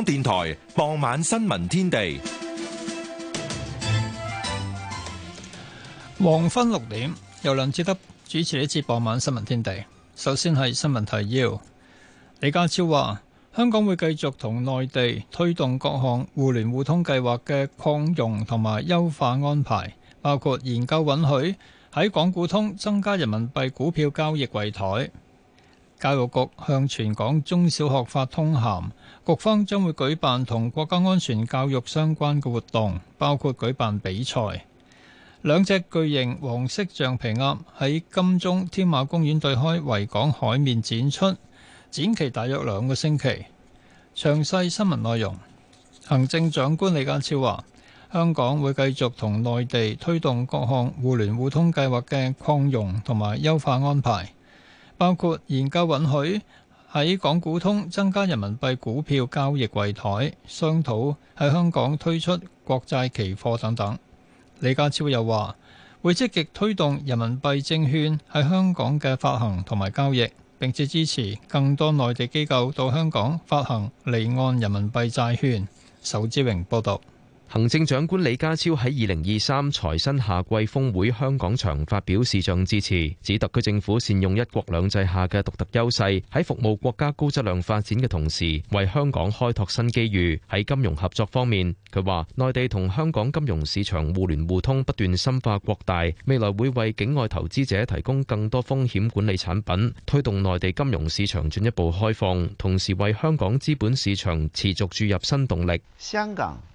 香港電台傍晚新聞天地，黃昏六點，由梁志德主持呢次傍晚新聞天地。首先係新聞提要，李家超話，香港會繼續同內地推動各項互聯互通計劃嘅擴容同埋優化安排，包括研究允許喺港股通增加人民幣股票交易櫃台。教育局向全港中小學發通函，局方將會舉辦同國家安全教育相關嘅活動，包括舉辦比賽。兩隻巨型黃色橡皮鴨喺金鐘添馬公園對開維港海面展出，展期大約兩個星期。詳細新聞內容，行政長官李家超話：香港會繼續同內地推動各項互聯互通計劃嘅擴容同埋優化安排。包括研究允許喺港股通增加人民幣股票交易櫃台，商討喺香港推出國債期貨等等。李家超又話會積極推動人民幣證券喺香港嘅發行同埋交易，並且支持更多內地機構到香港發行離岸人民幣債券。仇志榮報道。行政長官李家超喺二零二三財新夏季峰會香港場發表視像致辭，指特區政府善用一國兩制下嘅獨特優勢，喺服務國家高質量發展嘅同時，為香港開拓新機遇。喺金融合作方面，佢話內地同香港金融市場互聯互通不斷深化擴大，未來會為境外投資者提供更多風險管理產品，推動內地金融市場進一步開放，同時為香港資本市場持續注入新動力。香港。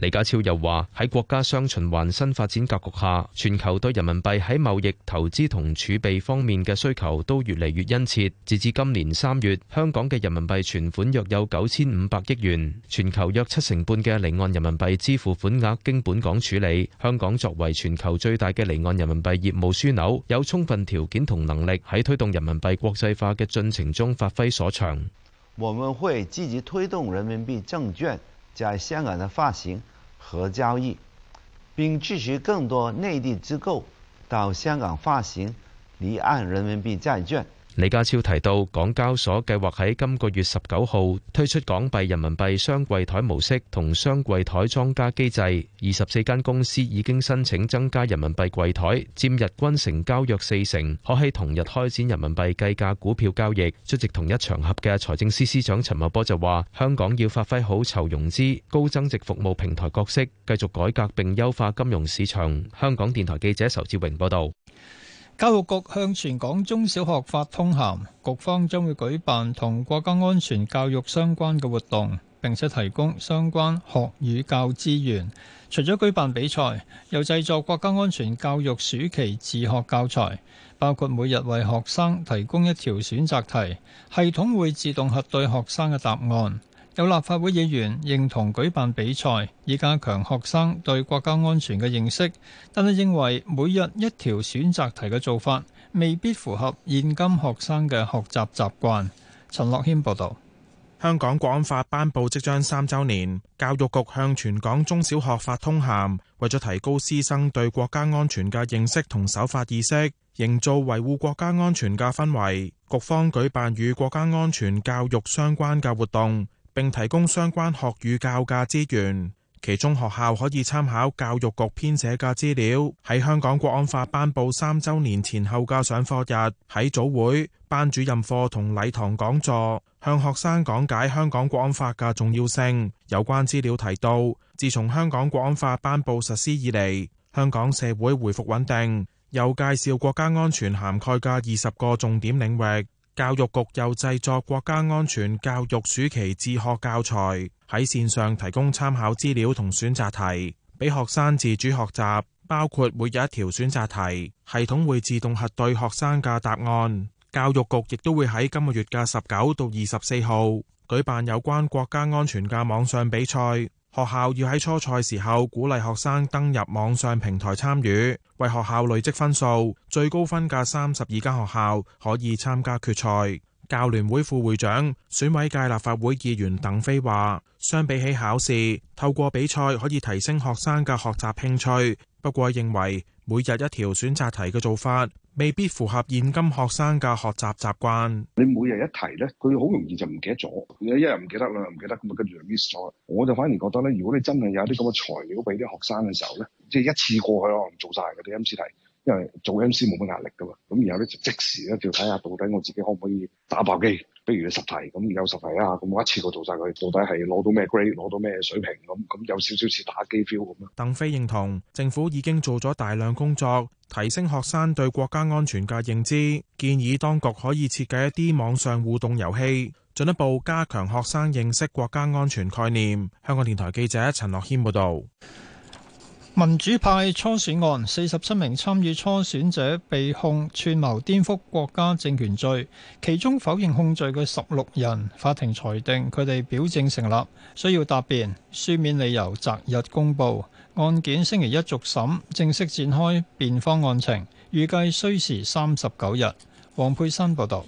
李家超又話：喺國家雙循環新發展格局下，全球對人民幣喺貿易、投資同儲備方面嘅需求都越嚟越殷切。截至今年三月，香港嘅人民幣存款約有九千五百億元，全球約七成半嘅離岸人民幣支付款額經本港處理。香港作為全球最大嘅離岸人民幣業務樞紐，有充分條件同能力喺推動人民幣國際化嘅進程中發揮所長。我們會積極推動人民幣證券在香港的發行和交易，並支持更多內地機構到香港發行離岸人民幣債券。李家超提到，港交所計劃喺今個月十九號推出港幣人民幣雙櫃台模式同雙櫃台莊家機制，二十四間公司已經申請增加人民幣櫃台，佔日均成交約四成，可喺同日開展人民幣計價股票交易。出席同一場合嘅財政司司長陳茂波就話，香港要發揮好籌融資高增值服務平台角色，繼續改革並優化金融市場。香港電台記者仇志榮報道。教育局向全港中小學發通函，局方將會舉辦同國家安全教育相關嘅活動，並且提供相關學與教資源。除咗舉辦比賽，又製作國家安全教育暑期自學教材，包括每日為學生提供一條選擇題，系統會自動核對學生嘅答案。有立法會議員認同舉辦比賽以加強學生對國家安全嘅認識，但係認為每日一條選擇題嘅做法未必符合現今學生嘅學習習慣。陳樂謙報道，香港國安法頒布即將三周年，教育局向全港中小學發通函，為咗提高師生對國家安全嘅認識同守法意識，營造維護國家安全嘅氛圍，局方舉辦與國家安全教育相關嘅活動。並提供相關學語教架資源，其中學校可以參考教育局編寫嘅資料。喺香港國安法頒布三周年前後嘅上課日，喺早會、班主任課同禮堂講座，向學生講解香港國安法嘅重要性。有關資料提到，自從香港國安法頒布實施以嚟，香港社會回復穩定。又介紹國家安全涵蓋嘅二十個重點領域。教育局又製作國家安全教育暑期自學教材，喺線上提供參考資料同選擇題，俾學生自主學習。包括每日一條選擇題，系統會自動核對學生嘅答案。教育局亦都會喺今個月嘅十九到二十四號舉辦有關國家安全嘅網上比賽。學校要喺初賽時候鼓勵學生登入網上平台參與，為學校累積分數，最高分嘅三十二間學校可以參加決賽。教聯會副會長、選委界立法會議員鄧飛話，相比起考試，透過比賽可以提升學生嘅學習興趣。不過認為，每日一條選擇題嘅做法，未必符合現今學生嘅學習習慣。你每日一題咧，佢好容易就唔記得咗。你一日唔記得，兩唔記得，咁啊跟住就 miss 咗。我就反而覺得咧，如果你真係有啲咁嘅材料俾啲學生嘅時候咧，即係一次過去咯，唔做晒嘅啲 MC 題，因為做 MC 冇乜壓力噶嘛。咁然後咧就即時咧就睇下到底我自己可唔可以打爆機。譬如十題咁，有十題啊，咁我一次過做晒佢，到底係攞到咩 grade，攞到咩水平咁？咁有少少似打機 feel 咁啊？鄧飛認同政府已經做咗大量工作，提升學生對國家安全嘅認知，建議當局可以設計一啲網上互動遊戲，進一步加強學生認識國家安全概念。香港電台記者陳樂軒報導。民主派初選案，四十七名參與初選者被控串謀顛覆國家政權罪，其中否認控罪嘅十六人，法庭裁定佢哋表證成立，需要答辯，書面理由擇日公布，案件星期一續審，正式展開辯方案情，預計需時三十九日。黃佩珊報道。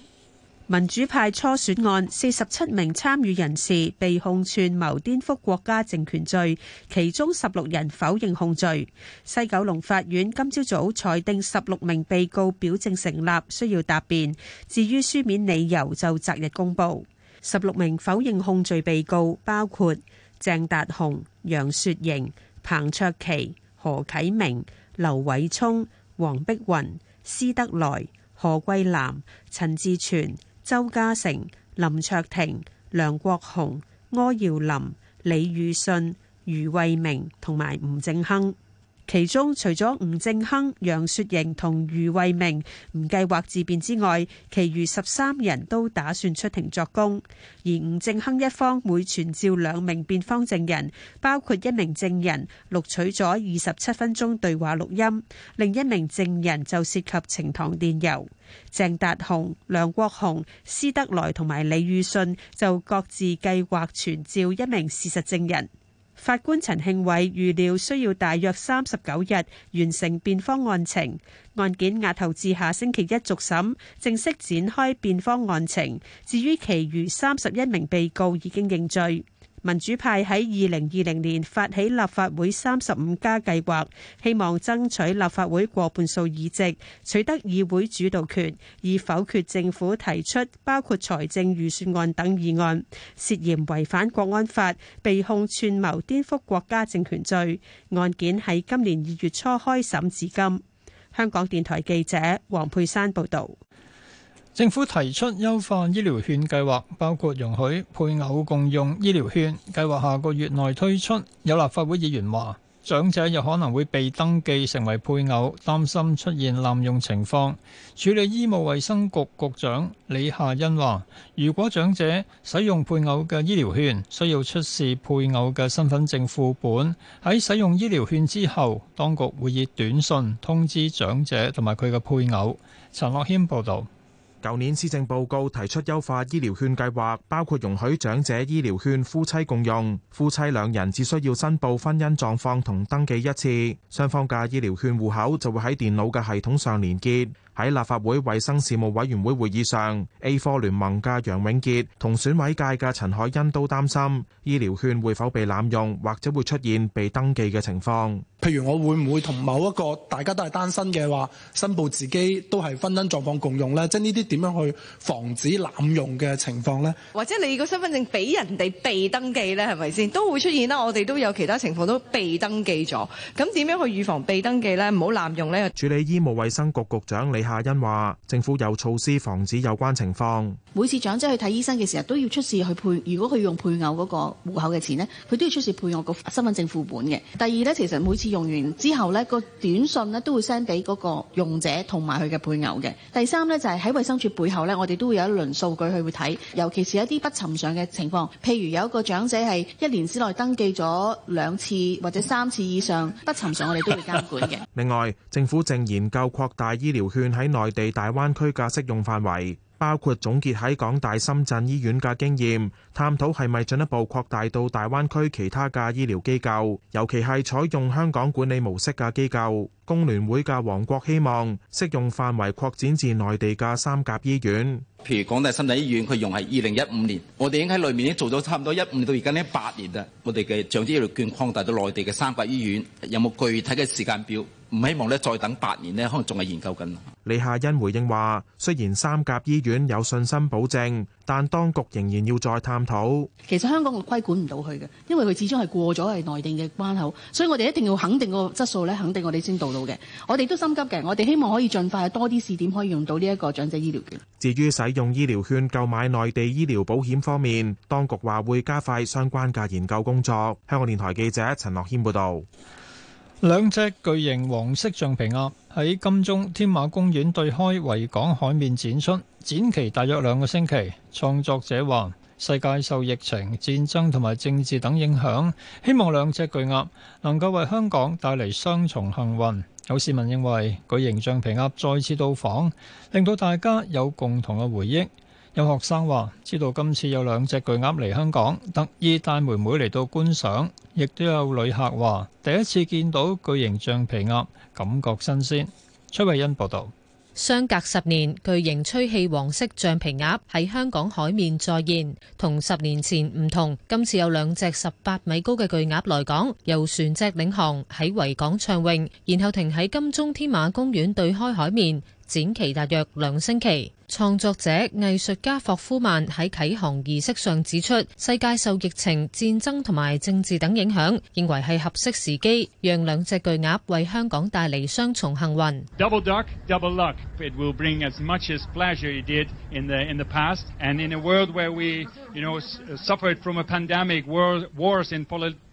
民主派初選案，四十七名參與人士被控串謀顛覆國家政權罪，其中十六人否認控罪。西九龍法院今朝早裁定十六名被告表證成立，需要答辯。至於書面理由，就擇日公佈。十六名否認控罪被告包括鄭達鴻、楊雪瑩、彭卓棋、何啟明、劉偉聰、黃碧雲、施德來、何桂藍、陳志全。鄒家成、林卓廷、梁國雄、柯耀林、李宇信、余慧明同埋吳正亨。其中除咗吳正亨、楊雪盈同余慧明唔計劃自辯之外，其餘十三人都打算出庭作供。而吳正亨一方會傳召兩名辯方證人，包括一名證人錄取咗二十七分鐘對話錄音，另一名證人就涉及呈堂電郵。鄭達雄、梁國雄、施德來同埋李宇信就各自計劃傳召一名事實證人。法官陳慶偉預料需要大約三十九日完成辯方案情，案件押後至下星期一續審，正式展開辯方案情。至於其餘三十一名被告已經認罪。民主派喺二零二零年發起立法會三十五加計劃，希望爭取立法會過半數議席，取得議會主導權，以否決政府提出包括財政預算案等議案。涉嫌違反國安法，被控串謀顛覆國家政權罪，案件喺今年二月初開審至今。香港電台記者黃佩珊報導。政府提出優化醫療券計劃，包括容許配偶共用醫療券。計劃下個月內推出。有立法會議員話，長者有可能會被登記成為配偶，擔心出現濫用情況。署理醫務衛生局局長李夏茵話，如果長者使用配偶嘅醫療券，需要出示配偶嘅身份證副本。喺使用醫療券之後，當局會以短信通知長者同埋佢嘅配偶。陳樂謙報道。舊年施政報告提出優化醫療券計劃，包括容許長者醫療券夫妻共用，夫妻兩人只需要申報婚姻狀況同登記一次，雙方嘅醫療券戶口就會喺電腦嘅系統上連結。喺立法會衛生事務委員會會議上，A4 聯盟嘅楊永杰同選委界嘅陳凱欣都擔心醫療券會否被濫用，或者會出現被登記嘅情況，譬如我會唔會同某一個大家都係單身嘅話申報自己都係婚姻狀況共用咧？即係呢啲點樣去防止濫用嘅情況咧？或者你個身份證俾人哋被，被登記咧？係咪先都會出現啦？我哋都有其他情況都被登記咗，咁點樣去預防被登記咧？唔好濫用咧。處理醫務衛生局局長李夏欣話：政府有措施防止有關情況。每次長者去睇醫生嘅時候，都要出示去配。如果佢用配偶嗰個戶口嘅錢呢，佢都要出示配偶個身份證副本嘅。第二呢，其實每次用完之後呢、個短信呢都會 send 俾嗰個用者同埋佢嘅配偶嘅。第三呢，就係喺衛生署背後呢，我哋都會有一輪數據去會睇，尤其是一啲不尋常嘅情況，譬如有一個長者係一年之內登記咗兩次或者三次以上不尋常，我哋都會監管嘅。 另外，政府正研究擴大醫療券。喺內地大灣區嘅適用範圍，包括總結喺港大深圳醫院嘅經驗，探討係咪進一步擴大到大灣區其他嘅醫療機構，尤其係採用香港管理模式嘅機構。工聯會嘅王國希望適用範圍擴展至內地嘅三甲醫院。譬如港大深圳醫院，佢用係二零一五年，我哋已經喺裏面已經做咗差唔多一五年到而家呢八年啦。我哋嘅長者醫療券擴大到內地嘅三甲醫院，有冇具體嘅時間表？唔希望咧再等八年呢，可能仲係研究緊。李夏欣回應話：雖然三甲醫院有信心保證。但當局仍然要再探討。其實香港我規管唔到佢嘅，因為佢始終係過咗係內地嘅關口，所以我哋一定要肯定個質素咧，肯定我哋先到路嘅。我哋都心急嘅，我哋希望可以盡快多啲試點可以用到呢一個長者醫療券。至於使用醫療券購買內地醫療保險方面，當局話會加快相關嘅研究工作。香港電台記者陳樂軒報導。兩隻巨型黃色橡皮鴨喺金鐘天馬公園對開維港海面展出，展期大約兩個星期。創作者話：世界受疫情、戰爭同埋政治等影響，希望兩隻巨鴨能夠為香港帶嚟雙重幸運。有市民認為巨型橡皮鴨再次到訪，令到大家有共同嘅回憶。有學生話：知道今次有兩隻巨鴨嚟香港，特意帶妹妹嚟到觀賞。亦都有旅客話：第一次見到巨型橡皮鴨，感覺新鮮。崔慧欣報道：「相隔十年，巨型吹氣黃色橡皮鴨喺香港海面再現，同十年前唔同，今次有兩隻十八米高嘅巨鴨來港，由船隻領航喺維港暢泳，然後停喺金鐘添馬公園對開海面，展期大約兩星期。創作者、藝術家霍夫曼喺啟航儀式上指出，世界受疫情、戰爭同埋政治等影響，認為係合適時機，讓兩隻巨鴨為香港帶嚟雙重幸運。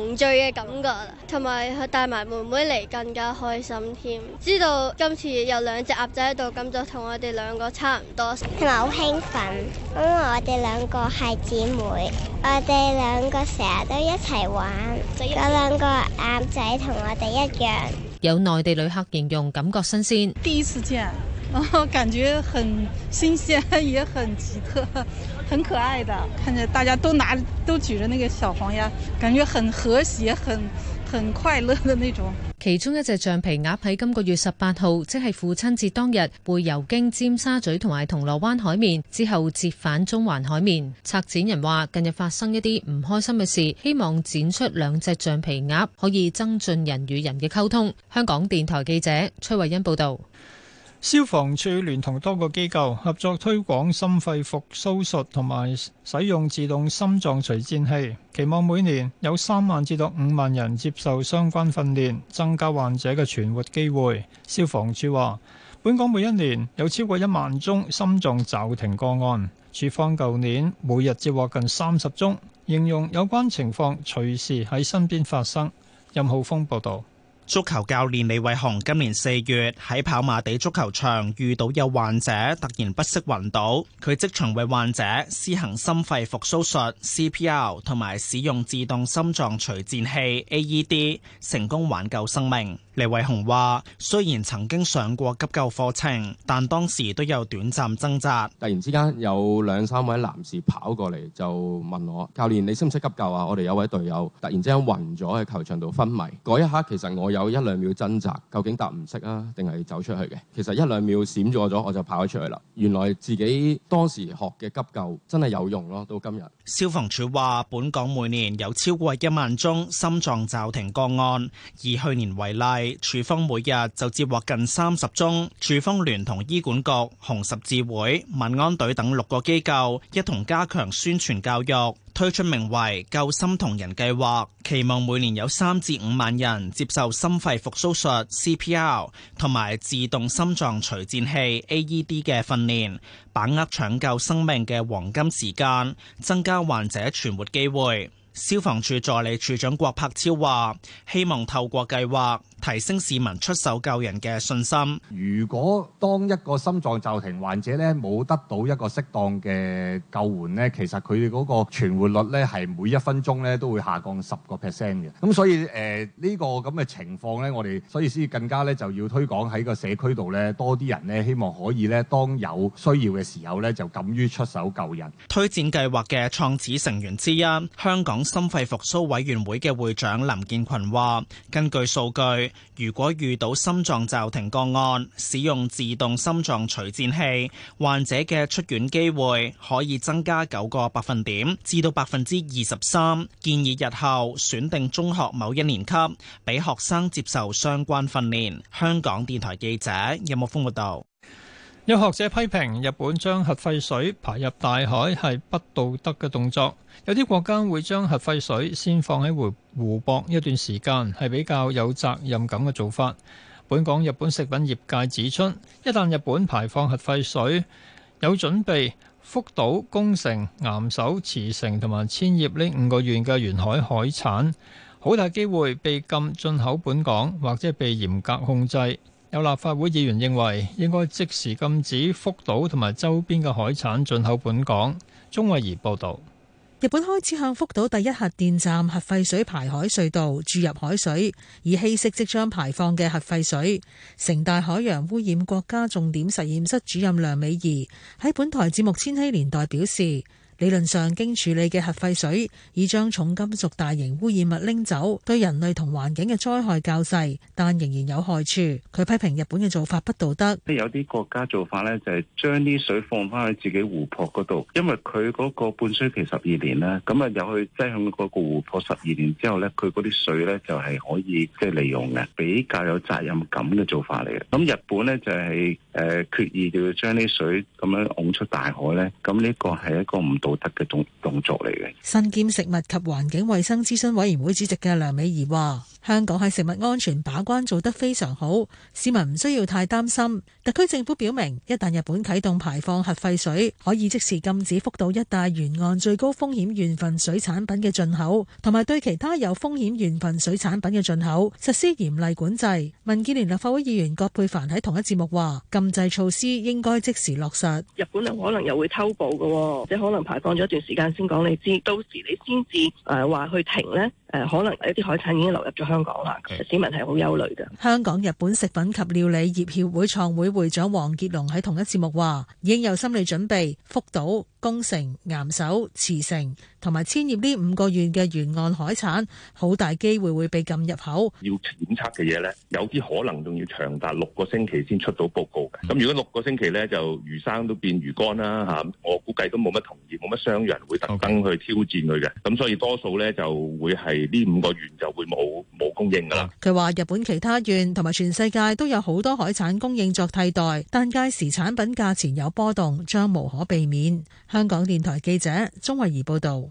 同聚嘅感覺，同埋佢帶埋妹妹嚟更加開心添。知道今次有兩隻鴨仔喺度，咁就同我哋兩個差唔多，同埋好興奮，因為我哋兩個係姊妹，我哋兩個成日都一齊玩，嗰兩個鴨仔同我哋一樣。有內地旅客形容感覺新鮮，第一次見，我感覺很新鮮，也很奇特。很可愛的，看着大家都拿都舉着那個小黃鴨，感覺很和諧、很很快樂的那種。其中一隻橡皮鴨喺今個月十八號，即係父親節當日，會游經尖沙咀同埋銅鑼灣海面，之後折返中環海面。策展人話：近日發生一啲唔開心嘅事，希望展出兩隻橡皮鴨可以增進人與人嘅溝通。香港電台記者崔慧欣報道。消防處聯同多個機構合作推廣心肺復蘇術同埋使用自動心臟除顫器，期望每年有三萬至到五萬人接受相關訓練，增加患者嘅存活機會。消防處話，本港每一年有超過一萬宗心臟驟停個案，處方舊年每日接獲近三十宗，形容有關情況隨時喺身邊發生。任浩峰報道。足球教練李偉雄今年四月喺跑馬地足球場遇到有患者突然不適暈倒，佢即場為患者施行心肺復蘇術 （CPR） 同埋使用自動心臟除顫器 （AED），成功挽救生命。李偉雄話：雖然曾經上過急救課程，但當時都有短暫掙扎。突然之間有兩三位男士跑過嚟，就問我教練：你識唔識急救啊？我哋有位隊友突然之間暈咗喺球場度昏迷。嗰一刻其實我有一兩秒掙扎，究竟答唔識啊，定係走出去嘅？其實一兩秒閃咗咗，我就跑咗出去啦。原來自己當時學嘅急救真係有用咯。到今日，消防處話，本港每年有超過一萬宗心臟驟停個案，以去年為例。處方每日就接獲近三十宗。處方聯同醫管局、紅十字會、民安隊等六個機構一同加強宣傳教育，推出名為《救心同人計劃》，期望每年有三至五萬人接受心肺復蘇術 （CPR） 同埋自動心臟除顫器 （AED） 嘅訓練，把握搶救生命嘅黃金時間，增加患者存活機會。消防處助理處長郭柏超話，希望透過計劃。提升市民出手救人嘅信心。如果當一個心臟驟停患者咧冇得到一個適當嘅救援咧，其實佢哋嗰個存活率咧係每一分鐘咧都會下降十個 percent 嘅。咁所以誒呢個咁嘅情況咧，我哋所以先更加咧就要推廣喺個社區度咧多啲人咧，希望可以咧當有需要嘅時候咧就敢於出手救人。推薦計劃嘅創始成員之一，香港心肺復甦委員會嘅會長林建群話，根據數據。如果遇到心臟驟停個案，使用自動心臟除顫器，患者嘅出院機會可以增加九個百分點，至到百分之二十三。建議日後選定中學某一年級，俾學生接受相關訓練。香港電台記者任木鋒報道。有學者批評日本將核廢水排入大海係不道德嘅動作。有啲國家會將核廢水先放喺湖湖泊一段時間，係比較有責任感嘅做法。本港日本食品業界指出，一旦日本排放核廢水，有準備福島、宮城、岩手、茨城同埋千葉呢五個縣嘅沿海海產，好大機會被禁進口本港，或者被嚴格控制。有立法會議員認為應該即時禁止福島同埋周邊嘅海產進口本港。鍾慧儀報道，日本開始向福島第一核電站核廢水排海隧道注入海水，以稀釋即將排放嘅核廢水。城大海洋污染國家重點實驗室主任梁美儀喺本台節目《千禧年代》表示。理論上經處理嘅核廢水已將重金屬大型污染物拎走，對人類同環境嘅災害較細，但仍然有害處。佢批評日本嘅做法不道德。即有啲國家做法呢，就係將啲水放翻去自己湖泊嗰度，因為佢嗰個半衰期十二年啦。咁啊，又去擠向嗰個湖泊十二年之後呢，佢嗰啲水呢，就係可以即係利用嘅，比較有責任感嘅做法嚟嘅。咁日本呢，就係誒決意就要將啲水咁樣拱出大海呢。咁呢個係一個唔嘅動作嚟嘅。身兼食物及環境衛生諮詢委員會主席嘅梁美儀話。香港喺食物安全把關做得非常好，市民唔需要太擔心。特區政府表明，一旦日本啟動排放核廢水，可以即時禁止福島一帶沿岸最高風險原份水產品嘅進口，同埋對其他有風險原份水產品嘅進口實施嚴厲管制。民建聯立法會議員葛珮帆喺同一節目話，禁制措施應該即時落實。日本又可能又會偷步嘅，即可能排放咗一段時間先講你知，到時你先至誒話去停咧。誒可能一啲海產已經流入咗香港啦，其實市民係好憂慮㗎。香港日本食品及料理業協會創會會長黃傑龍喺同一節目話：已經有心理準備，福島、宮城、岩手、茨城同埋千葉呢五個縣嘅沿岸海產，好大機會會被禁入口。要檢測嘅嘢咧，有啲可能仲要長達六個星期先出到報告嘅。咁如果六個星期咧，就魚生都變魚乾啦吓。我估計都冇乜同業，冇乜商人會特登去挑戰佢嘅。咁所以多數咧就會係。呢五個月就會冇冇供應㗎喇。佢話日本其他縣同埋全世界都有好多海產供應作替代，但屆時產品價錢有波動，將無可避免。香港電台記者鍾慧儀報道。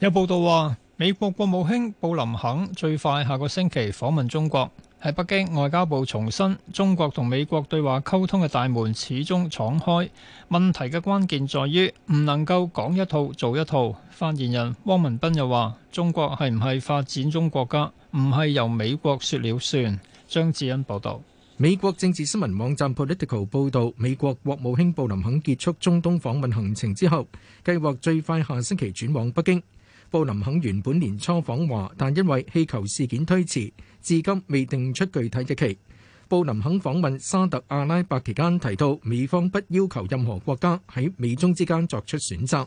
有報道話，美國國務卿布林肯最快下個星期訪問中國。喺北京外交部重申，中國同美國對話溝通嘅大門始終敞開。問題嘅關鍵在於唔能夠講一套做一套。發言人汪文斌又話，中國係唔係發展中國家，唔係由美國說了算。張智恩報道。美國政治新聞網站 Politico 報道，美國國務卿布林肯結束中東訪問行程之後，計劃最快下星期轉往北京。布林肯原本年初訪華，但因為氣球事件推遲，至今未定出具體日期。布林肯訪問沙特阿拉伯期間提到，美方不要求任何國家喺美中之間作出選擇。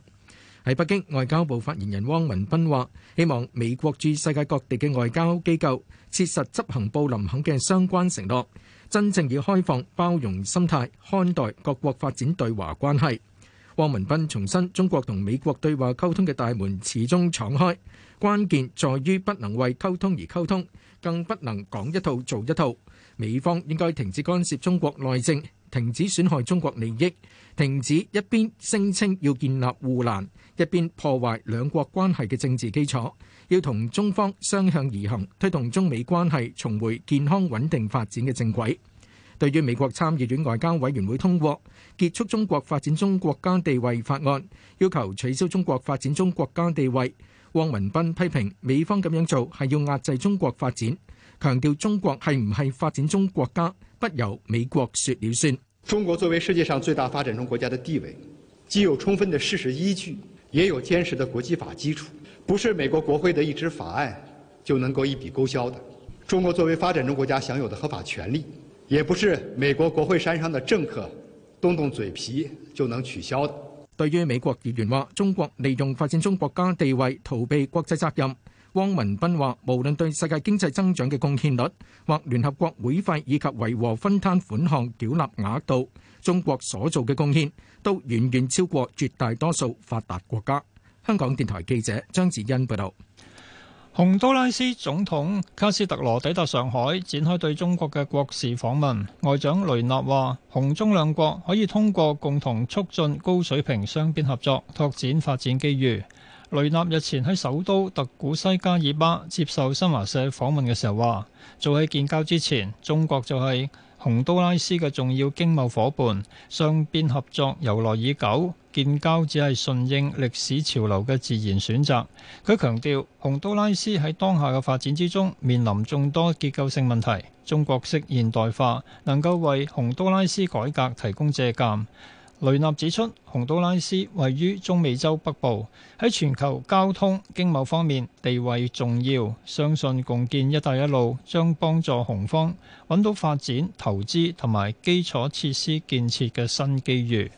喺北京，外交部發言人汪文斌話，希望美國駐世界各地嘅外交機構切實執行布林肯嘅相關承諾，真正以開放包容心態看待各國發展對華關係。汪文斌重申，中國同美國對話溝通嘅大門始終敞開，關鍵在於不能為溝通而溝通，更不能講一套做一套。美方應該停止干涉中國內政，停止損害中國利益，停止一邊聲稱要建立護欄，一邊破壞兩國關係嘅政治基礎，要同中方雙向而行，推動中美關係重回健康穩定發展嘅正軌。對於美國參議院外交委員會通過結束中國發展中國家地位法案，要求取消中國發展中國家地位，汪文斌批評美方咁樣做係要壓制中國發展，強調中國係唔係發展中國家不由美國説了算。中國作為世界上最大發展中國家的地位，既有充分的事實依據，也有堅實的國際法基礎，不是美國國會的一紙法案就能夠一筆勾銷的。中國作為發展中國家享有的合法權利。也不是美國國會山上的政客動動嘴皮就能取消的。對於美國議員話中國利用發展中國家地位逃避國際責任，汪文斌話：無論對世界經濟增長嘅貢獻率，或聯合國會費以及維和分攤款項繳納額度，中國所做嘅貢獻都遠遠超過絕大多數發達國家。香港電台記者張子欣報道。洪都拉斯總統卡斯特羅抵達上海，展開對中國嘅國事訪問。外長雷納話，洪中兩國可以通過共同促進高水平雙邊合作，拓展發展機遇。雷納日前喺首都特古西加爾巴接受新華社訪問嘅時候話，早喺建交之前，中國就係洪都拉斯嘅重要經貿夥伴，雙邊合作由來已久。建交只係順應歷史潮流嘅自然選擇，佢強調洪都拉斯喺當下嘅發展之中，面臨眾多結構性問題，中國式現代化能夠為洪都拉斯改革提供借鑑。雷納指出，洪都拉斯位於中美洲北部，喺全球交通經貿方面地位重要。相信共建「一帶一路」將幫助洪方揾到發展、投資同埋基礎設施建設嘅新機遇。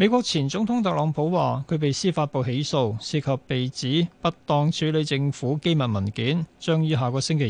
美國前總統特朗普話佢被司法部起訴，涉及被指不當處理政府機密文件，將於下個星期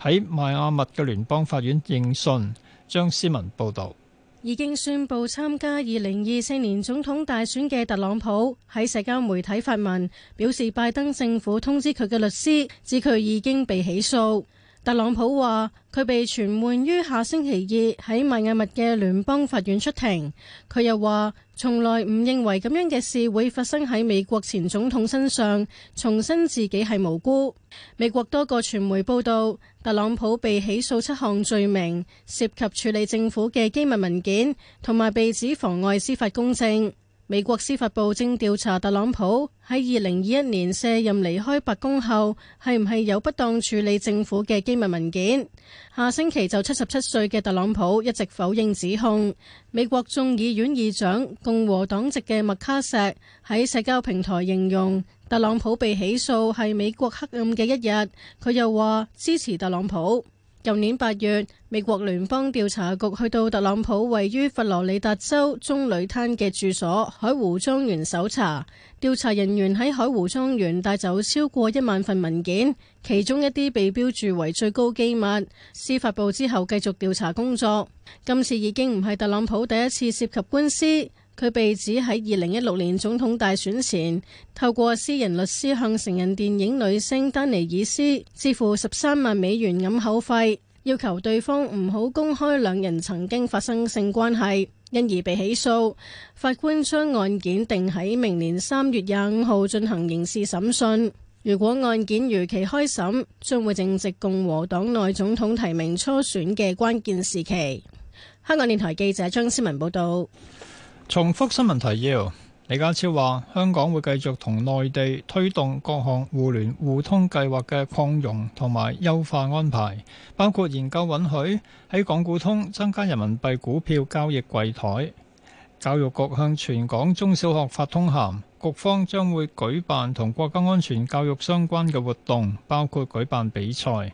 二喺邁阿密嘅聯邦法院應訊。張思文報道，已經宣佈參加二零二四年總統大選嘅特朗普喺社交媒體發文，表示拜登政府通知佢嘅律師，指佢已經被起訴。特朗普話佢被傳喚於下星期二喺邁阿密嘅聯邦法院出庭。佢又話從來唔認為咁樣嘅事會發生喺美國前總統身上，重申自己係無辜。美國多個傳媒報道，特朗普被起訴七項罪名，涉及處理政府嘅機密文件，同埋被指妨礙司法公正。美國司法部正調查特朗普喺二零二一年卸任離開白宮後，係唔係有不當處理政府嘅機密文件。下星期就七十七歲嘅特朗普一直否認指控。美國眾議院議長，共和黨籍嘅麥卡錫喺社交平台形容特朗普被起訴係美國黑暗嘅一日。佢又話支持特朗普。舊年八月。美國聯邦調查局去到特朗普位於佛羅里達州棕櫚灘嘅住所海湖莊園搜查，調查人員喺海湖莊園帶走超過一萬份文件，其中一啲被標注為最高機密。司法部之後，繼續調查工作。今次已經唔係特朗普第一次涉及官司，佢被指喺二零一六年總統大選前透過私人律師向成人電影女星丹尼爾斯支付十三萬美元掩口費，要求對方唔好公開兩人曾經發生性關係，因而被起訴。法官將案件定喺明年三月廿五號進行刑事審訊。如果案件如期開審，將會正值共和黨內總統提名初選嘅關鍵時期。香港電台記者張思文報道。重複新聞提要。李家超話：香港會繼續同內地推動各項互聯互通計劃嘅擴容同埋優化安排，包括研究允許喺港股通增加人民幣股票交易櫃台。教育局向全港中小學發通函，局方將會舉辦同國家安全教育相關嘅活動，包括舉辦比賽。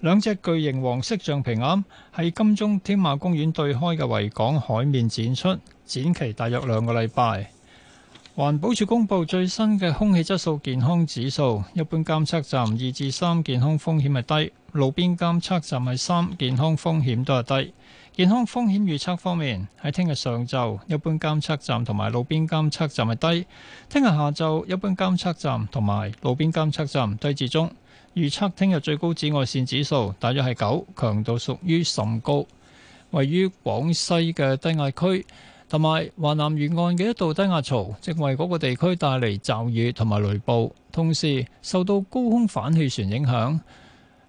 兩隻巨型黃色橡皮鴨喺金鐘天馬公園對開嘅維港海面展出，展期大約兩個禮拜。環保署公布最新嘅空氣質素健康指數，一般監測站二至三，健康風險係低，路邊監測站係三，健康風險都係低。健康風險預測方面，喺聽日上晝，一般監測站同埋路邊監測站係低；聽日下晝，一般監測站同埋路邊監測站低至中。預測聽日最高紫外綫指數大約係九，強度屬於甚高。位於廣西嘅低壓區。同埋華南沿岸嘅一道低壓槽，正為嗰個地區帶嚟驟雨同埋雷暴。同時受到高空反氣旋影響，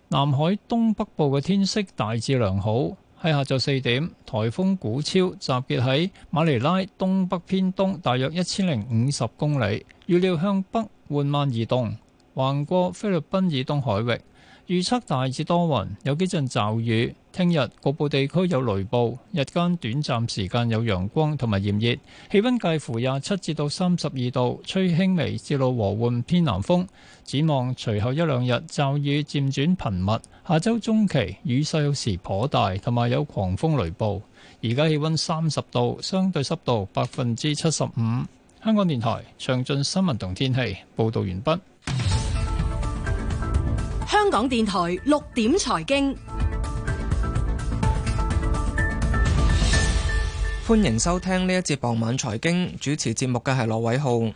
南海東北部嘅天色大致良好。喺下晝四點，颱風古超集結喺馬尼拉東北偏東大約一千零五十公里，預料向北緩慢移動，橫過菲律賓以東海域。預測大致多雲，有幾陣驟雨。聽日局部地區有雷暴，日間短暫時間有陽光同埋炎熱，氣溫介乎廿七至到三十二度，吹輕微至到和緩偏南風。展望隨後一兩日驟雨漸轉頻密，下周中期雨勢有時頗大，同埋有狂風雷暴。而家氣溫三十度，相對濕度百分之七十五。香港電台詳盡新聞同天氣報道完畢。香港電台六點財經，歡迎收聽呢一節傍晚財經。主持節目嘅係羅偉浩。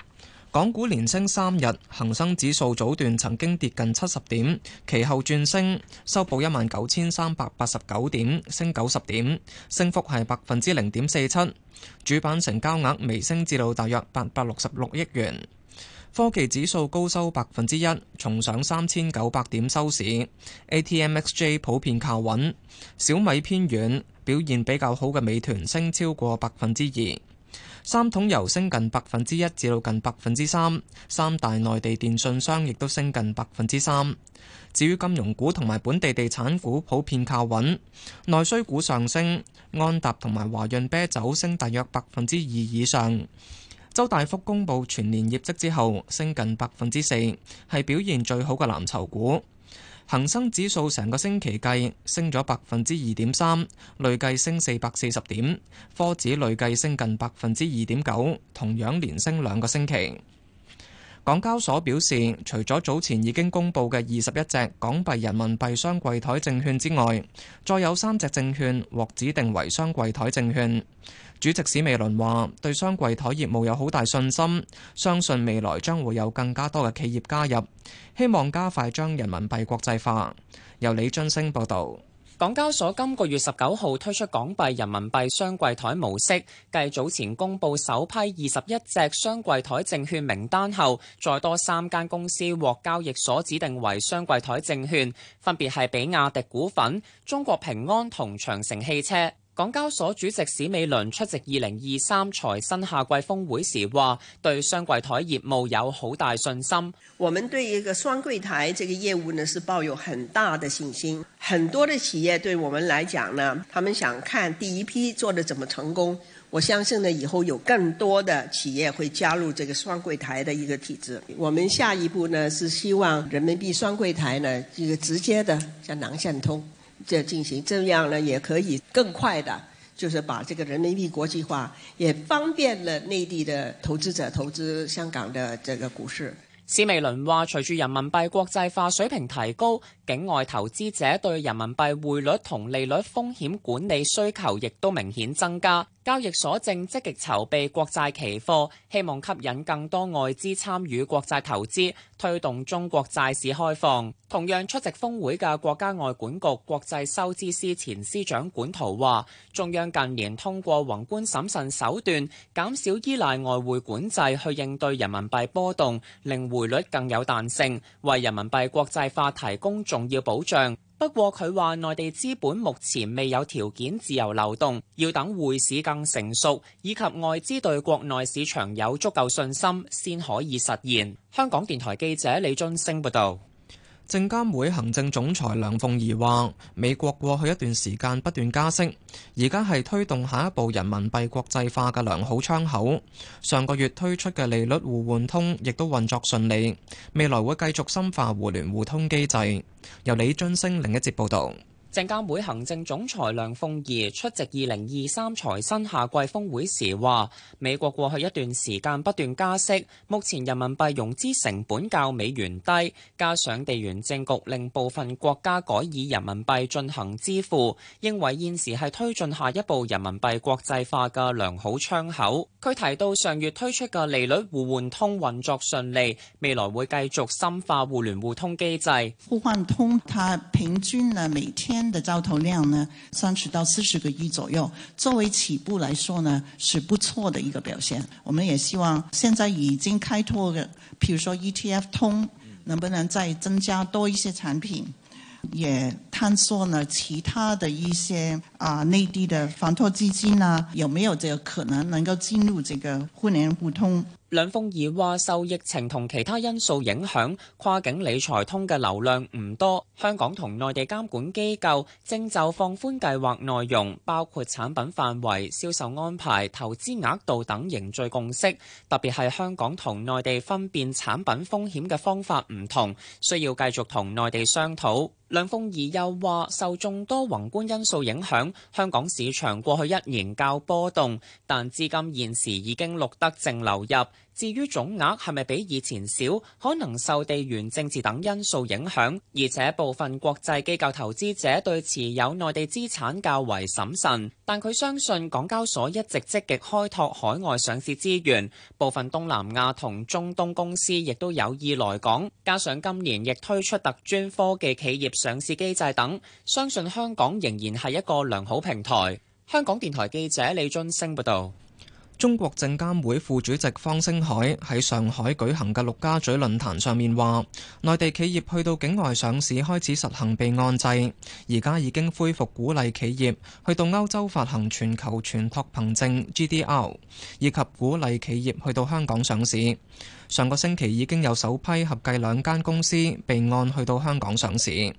港股連升三日，恒生指數早段曾經跌近七十點，其後轉升，收報一萬九千三百八十九點，升九十點，升幅係百分之零點四七。主板成交額微升至到大約八百六十六億元。科技指數高收百分之一，重上三千九百點收市。A T M X J 普遍靠穩，小米偏軟，表現比較好嘅美團升超過百分之二。三桶油升近百分之一至到近百分之三，三大內地電信商亦都升近百分之三。至於金融股同埋本地地產股普遍靠穩，內需股上升，安踏同埋華潤啤酒升大約百分之二以上。周大福公布全年業績之後，升近百分之四，係表現最好嘅藍籌股。恒生指數成個星期計升咗百分之二點三，累計升四百四十點，科指累計升近百分之二點九，同樣連升兩個星期。港交所表示，除咗早前已經公布嘅二十一隻港幣人民幣雙櫃台證券之外，再有三隻證券獲指定為雙櫃台證券。主席史美倫話，對雙櫃台業務有好大信心，相信未來將會有更加多嘅企業加入，希望加快將人民幣國際化。由李津升報道。港交所今個月十九號推出港幣人民幣雙櫃台模式，繼早前公佈首批二十一隻雙櫃台證券名單後，再多三間公司獲交易所指定為雙櫃台證券，分別係比亞迪股份、中國平安同長城汽車。港交所主席史美倫出席二零二三財新夏季峰會時話，對雙櫃台業務有好大信心。我們對一個雙櫃台這個業務呢，是抱有很大的信心。很多的企業對我們來講呢，他們想看第一批做的怎麼成功。我相信呢，以後有更多的企業會加入這個雙櫃台的一個體制。我們下一步呢，是希望人民幣雙櫃台呢，一個直接的向南向通。這進行這樣呢，也可以更快的，就是把這個人民幣國際化，也方便了內地的投資者投資香港的這個股市。史美倫話，隨住人民幣國際化水平提高，境外投資者對人民幣匯率同利率風險管理需求亦都明顯增加，交易所正積極籌備國債期貨，希望吸引更多外資參與國債投資，推動中國債市開放。同樣出席峯會嘅國家外管局國際收支司前司長管濤話，中央近年通過宏觀審慎手段，減少依賴外匯管制去應對人民幣波動，令匯率更有彈性，為人民幣國際化提供重。重要保障。不過佢話，內地資本目前未有條件自由流動，要等匯市更成熟，以及外資對國內市場有足夠信心，先可以實現。香港電台記者李俊升報道。證監會行政總裁梁鳳儀話，美國過去一段時間不斷加息，而家係推動下一步人民幣國際化嘅良好窗口。上個月推出嘅利率互換通亦都運作順利，未來會繼續深化互聯互通機制。由李津升另一節報道。證監會行政總裁梁鳳儀出席二零二三財新夏季峰會時話，美國過去一段時間不斷加息，目前人民幣融資成本較美元低，加上地緣政局令部分國家改以人民幣進行支付，認為現時係推進下一步人民幣國際化嘅良好窗口。佢提到上月推出嘅利率互換通運作順利，未來會繼續深化互聯互通機制。互換通，它平均啊每天。的交投量呢，三十到四十個億左右，作為起步來說呢，是不錯的一個表現。我們也希望，現在已經開拓的，譬如說 ETF 通，能不能再增加多一些產品，也探索呢其他的一些啊、呃、內地的房託基金呢、啊，有沒有這個可能能夠進入這個互聯互通？梁鳳儀話：受疫情同其他因素影響，跨境理財通嘅流量唔多。香港同內地監管機構正就放寬計劃內容，包括產品範圍、銷售安排、投資額度等凝聚共識。特別係香港同內地分辨產品風險嘅方法唔同，需要繼續同內地商討。梁鳳儀又話：受眾多宏觀因素影響，香港市場過去一年較波動，但至今現時已經錄得淨流入。至於總額係咪比以前少，可能受地緣政治等因素影響，而且部分國際機構投資者對持有內地資產較為審慎。但佢相信港交所一直積極開拓海外上市資源，部分東南亞同中東公司亦都有意來港。加上今年亦推出特專科技企業上市機制等，相信香港仍然係一個良好平台。香港電台記者李津升報道。中國證監會副主席方星海喺上海舉行嘅陸家嘴論壇上面話，內地企業去到境外上市開始實行備案制，而家已經恢復鼓勵企業去到歐洲發行全球存託憑證 GDR，以及鼓勵企業去到香港上市。上個星期已經有首批合計兩間公司備案去到香港上市。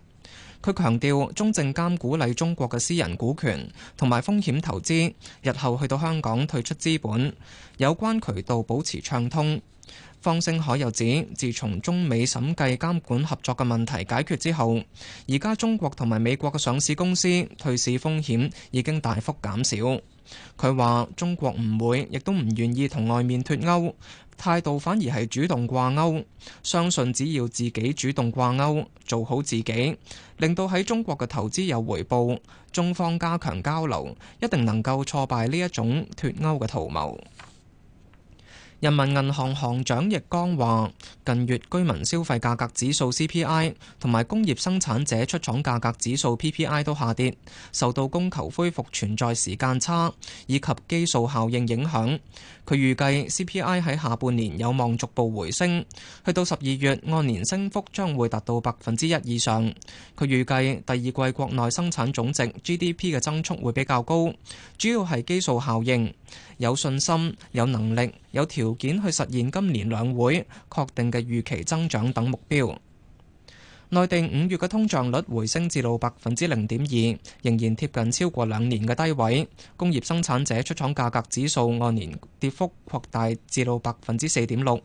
佢強調，強調中證監鼓勵中國嘅私人股權同埋風險投資，日後去到香港退出資本有關渠道保持暢通。方星海又指，自從中美審計監，監管合作嘅問題解決之後，而家中國同埋美國嘅上市公司退市風險已經大幅減少。佢話：中國唔會，亦都唔願意同外面脫鉤。態度反而係主動掛鈎，相信只要自己主動掛鈎，做好自己，令到喺中國嘅投資有回報。中方加強交流，一定能夠挫敗呢一種脫鈎嘅圖謀。人民銀行行長易綱話，近月居民消費價格指數 CPI 同埋工業生產者出廠價格指數 PPI 都下跌，受到供求恢復存在時間差以及基數效應影響。佢預計 CPI 喺下半年有望逐步回升，去到十二月按年升幅將會達到百分之一以上。佢預計第二季國內生產總值 GDP 嘅增速會比較高，主要係基數效應，有信心、有能力、有條件去實現今年兩會確定嘅預期增長等目標。內地五月嘅通脹率回升至到百分之零點二，仍然貼近超過兩年嘅低位。工業生產者出廠價格指數按年跌幅擴大至到百分之四點六。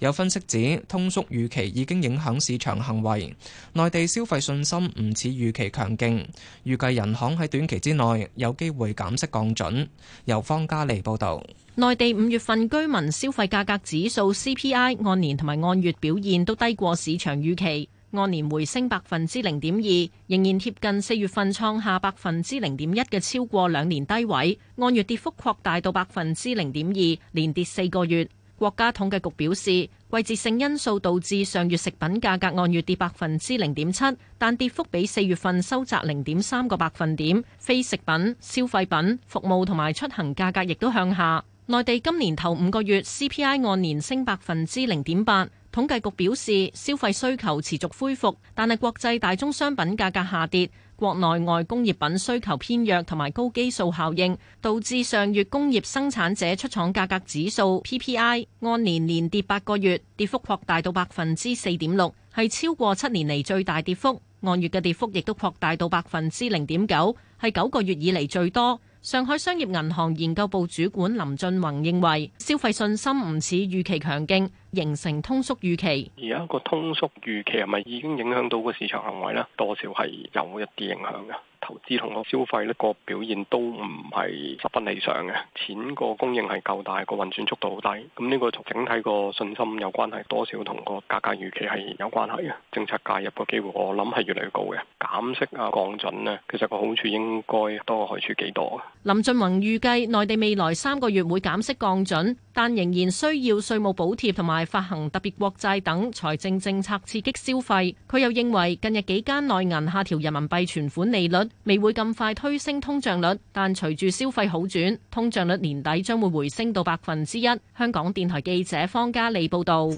有分析指通縮預期已經影響市場行為，內地消費信心唔似預期強勁。預計人行喺短期之內有機會減息降準。由方嘉利報導，內地五月份居民消費價格指數 CPI 按年同埋按月表現都低過市場預期。按年回升百分之零點二，仍然貼近四月份創下百分之零點一嘅超過兩年低位。按月跌幅擴大到百分之零點二，連跌四個月。國家統計局表示，季節性因素導致上月食品價格按月跌百分之零點七，但跌幅比四月份收窄零點三個百分點，非食品、消費品、服務同埋出行價格亦都向下。內地今年頭五個月 CPI 按年升百分之零點八。統計局表示，消費需求持續恢復，但係國際大宗商品價格下跌，國內外工業品需求偏弱，同埋高基數效應，導致上月工業生產者出廠價格指數 （PPI） 按年連跌八個月，跌幅擴大到百分之四點六，係超過七年嚟最大跌幅。按月嘅跌幅亦都擴大到百分之零點九，係九個月以嚟最多。上海商業銀行研究部主管林進宏認為，消費信心唔似預期強勁。形成通縮預期，而家個通縮預期係咪已經影響到個市場行為咧？多少係有一啲影響嘅。投資同個消費呢個表現都唔係十分理想嘅，錢個供應係夠大，但係個運轉速度好低。咁呢個從整體個信心有關係，多少同個價格預期係有關係嘅。政策介入個機會，我諗係越嚟越高嘅。減息啊，降準呢，其實個好處應該多過害處幾多。林俊宏預計內地未來三個月會減息降準，但仍然需要稅務補貼同埋發行特別國債等財政政策刺激消費。佢又認為近日幾間內銀下調人民幣存款利率，未會咁快推升通脹率，但隨住消費好轉，通脹率年底將會回升到百分之一。香港電台記者方嘉莉報道，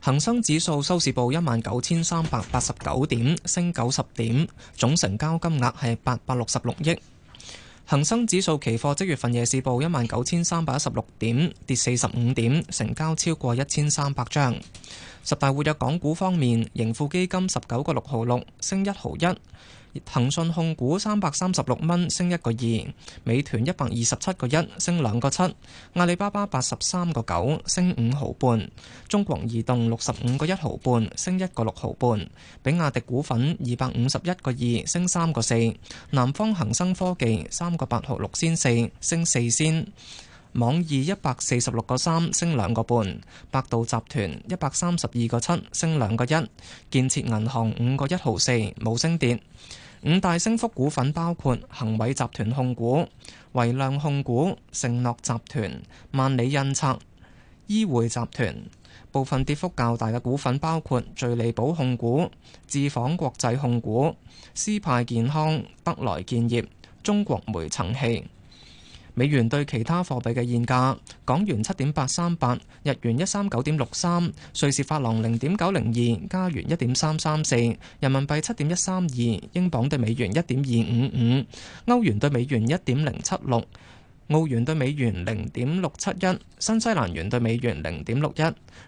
恒生指數收市報一萬九千三百八十九點，升九十點，總成交金額係八百六十六億。恒生指數期貨即月份夜市報一萬九千三百一十六點，跌四十五點，成交超過一千三百張。十大活躍港股方面，盈富基金十九個六毫六，升一毫一；騰訊控股三百三十六蚊，升一個二；美團一百二十七個一，升兩個七；阿里巴巴八十三個九，升五毫半；中國移動六十五個一毫半，升一個六毫半；比亞迪股份二百五十一個二，升三個四；南方恒生科技三個八毫六先四，升四先。網易一百四十六個三升兩個半，百度集團一百三十二個七升兩個一，建設銀行五個一毫四冇升跌。五大升幅股份包括恒偉集團控股、維量控股、盛諾集團、萬里印刷、醫匯集團。部分跌幅較大嘅股份包括聚利寶控股、智仿國際控股、思派健康、德萊建業、中國煤層氣。美元對其他貨幣嘅現價：港元七點八三八，日元一三九點六三，瑞士法郎零點九零二，加元一點三三四，人民幣七點一三二，英鎊對美元一點二五五，歐元對美元一點零七六。澳元兌美元零點六七一，新西蘭元兌美元零點六一，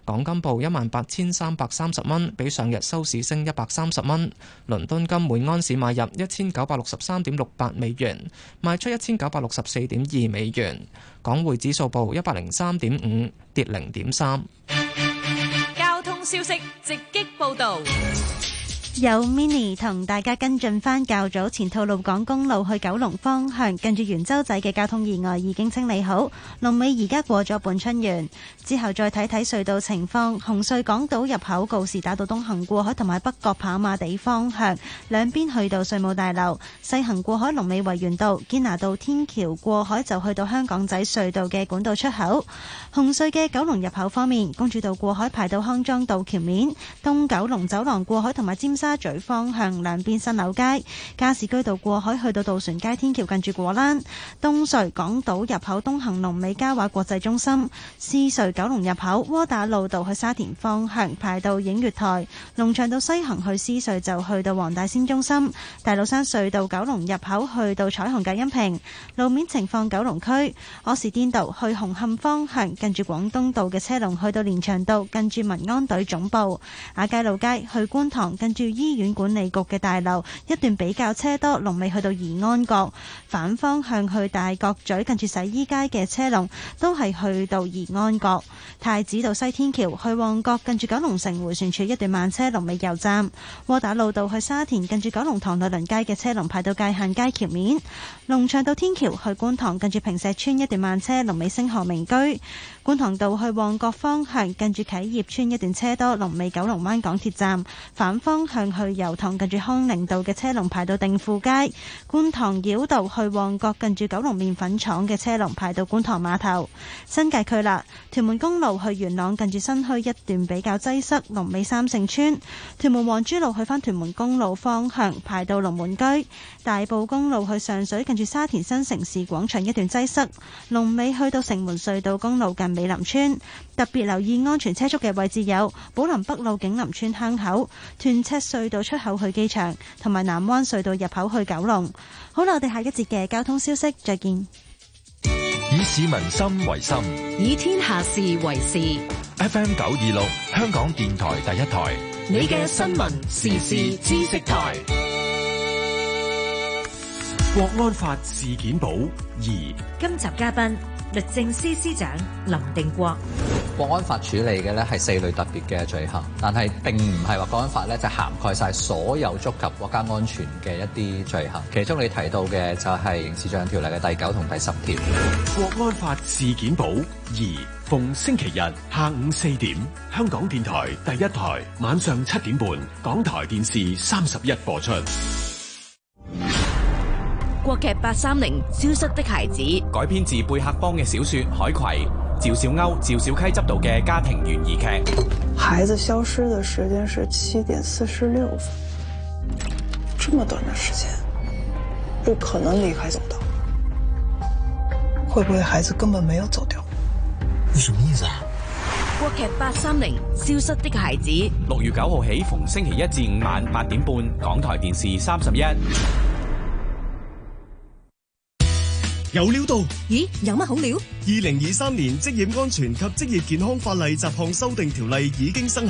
港金報一萬八千三百三十蚊，比上日收市升一百三十蚊。倫敦金每安士買入一千九百六十三點六八美元，賣出一千九百六十四點二美元。港匯指數報一百零三點五，跌零點三。交通消息直擊報導。有 mini 同大家跟進返較早前，吐露港公路去九龍方向，近住元洲仔嘅交通意外已經清理好，龍尾而家過咗半春園，之後再睇睇隧道情況，紅隧港島入口告士打道東行過海同埋北角跑馬地方向，兩邊去到稅務大樓，西行過海龍尾維園道堅拿道天橋過海就去到香港仔隧道嘅管道出口。紅隧嘅九龍入口方面，公主道過海排到康莊道橋面，東九龍走廊過海同埋尖沙沙咀方向兩邊新樓街、加士居道過海去到渡船街天橋近住果欄；東隧港島入口東行龍尾嘉華國際中心；獅隧九龍入口窩打老道去沙田方向排到映月台；龍翔道西行去獅隧就去到黃大仙中心；大老山隧道九龍入口去到彩虹隔音屏，路面情況，九龍區柯士甸道去紅磡方向近住廣東道嘅車龍去到連翔道近住民安隊總部；亞皆老街去觀塘近住。去醫院管理局嘅大樓，一段比較車多，龍尾去到怡安閣；反方向去大角咀近住洗衣街嘅車龍，都係去到怡安閣。太子道西天橋去旺角近住九龍城回旋處一段慢車龍尾油站。窩打老道去沙田近住九龍塘樂鄰街嘅車龍排到界限街橋面。龍翔道天橋去觀塘近住平石村一段慢車龍尾星河名居。觀塘道去旺角方向近住啟業村一段車多，龍尾九龍灣港鐵站。反方向。向去油塘近住康寧道嘅車龍排到定富街；觀塘繞道去旺角近住九龍麵粉廠嘅車龍排到觀塘碼頭；新界區啦，屯門公路去元朗近住新墟一段比較擠塞，龍尾三聖村；屯門皇珠路去翻屯門公路方向排到龍門居；大埔公路去上水近住沙田新城市廣場一段擠塞，龍尾去到城門隧道公路近美林村。特別留意安全車速嘅位置有寶林北路景林村坑口、屯赤隧道出口去機場，同埋南灣隧道入口去九龍。好啦，我哋下一節嘅交通消息再見。以市民心為心，以天下事為事。FM 九二六，香港電台第一台，你嘅新聞時事知識台。國安法事件簿二。今集嘉賓。律政司司長林定國，國安法處理嘅咧係四類特別嘅罪行，但係並唔係話國安法咧就涵蓋晒所有觸及國家安全嘅一啲罪行。其中你提到嘅就係《刑事罪行條例》嘅第九同第十條。國安法事件簿，而逢星期日下午四點，香港電台第一台晚上七點半，港台電視三十一播出。國劇《八三零消失的孩子》改編自貝克邦嘅小說《海葵》趙歐，趙小歐、趙小溪執導嘅家庭懸疑劇。孩子消失嘅時間是七點四十六分，這麼短的時間，不可能離開走道。會不會孩子根本沒有走掉？你什麼意思啊？國劇《八三零消失的孩子》六月九號起，逢星期一至五晚八點半，港台電視三十一。有料到？咦，有乜好料？二零二三年職業安全及職業健康法例雜項修訂條例已經生效。